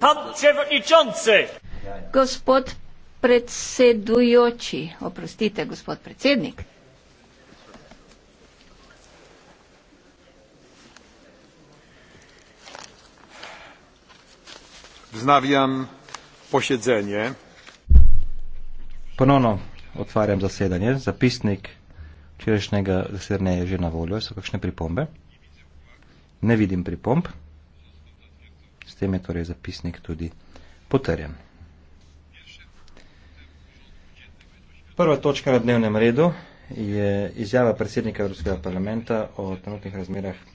Pan przewodniczący! Gospod predsedujoči, oprostite, gospod predsednik. Vznavljam posjedzenje. Ponovno otvarjam zasedanje. Zapisnik včerajšnjega zasedanja je že na voljo. So kakšne pripombe? Ne vidim pripomb tem je torej zapisnik tudi potrjen. Prva točka na dnevnem redu je izjava predsednika Evropskega parlamenta o trenutnih razmerah